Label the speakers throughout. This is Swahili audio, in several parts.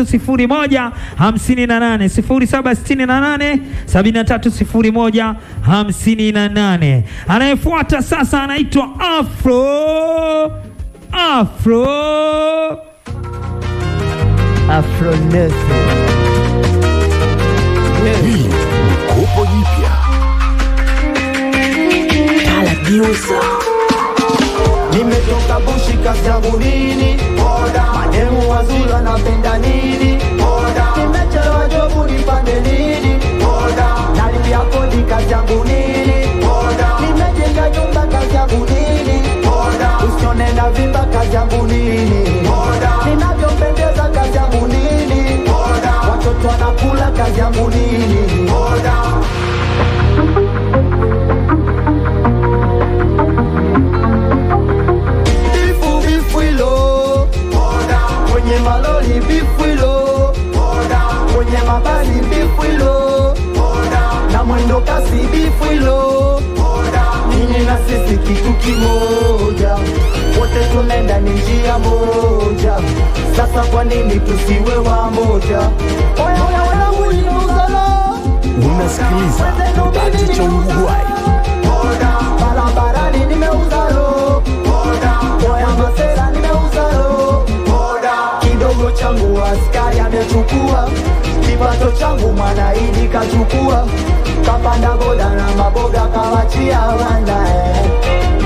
Speaker 1: 7301 Anayefuata sasa anaitwa Afro Afro Afro Nese.
Speaker 2: jipya
Speaker 3: nimetoka bushi kazi oda nini wazula na wazuri kazi yangu nini, ninavyompendeza kazi yangu nini, watoto wanakula kazi yangu nini. Bifu bifuilo kwenye na mwendo kasi bifuilo na sisi kitu kimoja tunaenda ni njia moja, sasa kwa nini tusiwe wamoja?
Speaker 4: Unasikiliza Kibaji cha Uruguay.
Speaker 3: Barabarani nimeuza roho, oya masera nimeuza roho, kidogo changu askari amechukua, kipato changu mwanaidi kachukua, kapanda boda na maboga kawachia wanda eh.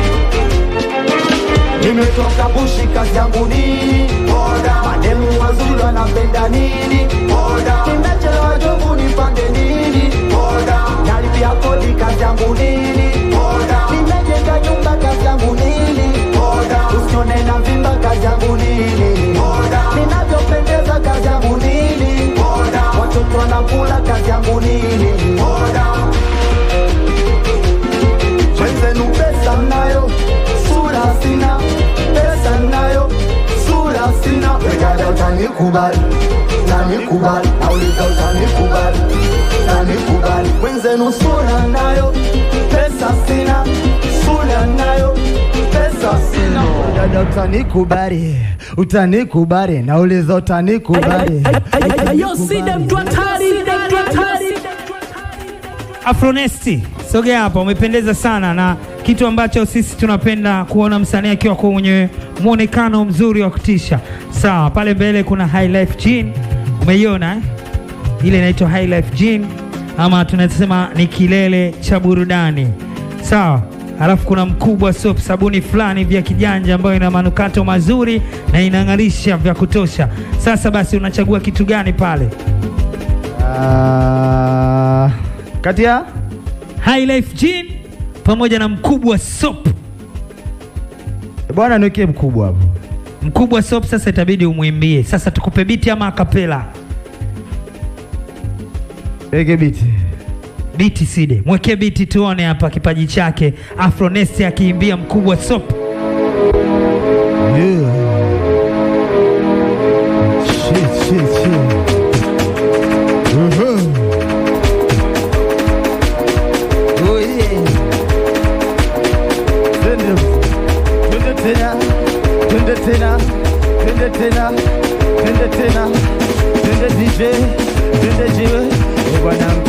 Speaker 3: Nimetoka bushi, kazi yangu nini? oda Mademu wazulu anapenda nini? Boda. Nimechelewa jobu, nipande nini? oda Nalipia kodi, kazi yangu nini? oda Nimejenga nyumba, kazi yangu nini? oda Usione na vimba, kazi yangu nini? Boda. Ninavyopendeza, kazi yangu nini? oda Watoto wanakula, kazi yangu nini? kubali, nani kubali, nauliza utani kubali, nani kubali? Wenzenu sura nayo pesa sina, sura nayo pesa sina,
Speaker 1: dada utani kubali utanikubali, nauliza utanikubali. Yo, Afronesti, sogea hapa, umependeza sana na kitu ambacho sisi tunapenda kuona msanii akiwa kwenye mwonekano mzuri wa kutisha. Sawa, pale mbele kuna High Life Gin, umeiona eh? Ile inaitwa High Life Gin ama tunasema ni kilele cha burudani. Sawa. Alafu kuna mkubwa soap, sabuni fulani vya kijanja ambayo ina manukato mazuri na inang'arisha vya kutosha. Sasa basi unachagua kitu gani pale? Uh, kati ya
Speaker 5: High Life Gin pamoja na mkubwa Sop.
Speaker 1: Bwana niwekee mkubwa hapo.
Speaker 5: Mkubwa sop sasa itabidi umwimbie. Sasa tukupe biti ama akapela? Ege biti. Biti Side. Mwekee biti tuone hapa kipaji chake. Afronest akiimbia mkubwa Sop. Yeah.
Speaker 1: Tina, Tina Tina, Tina Tina, Tina DJ, Tina Jill, Iguanam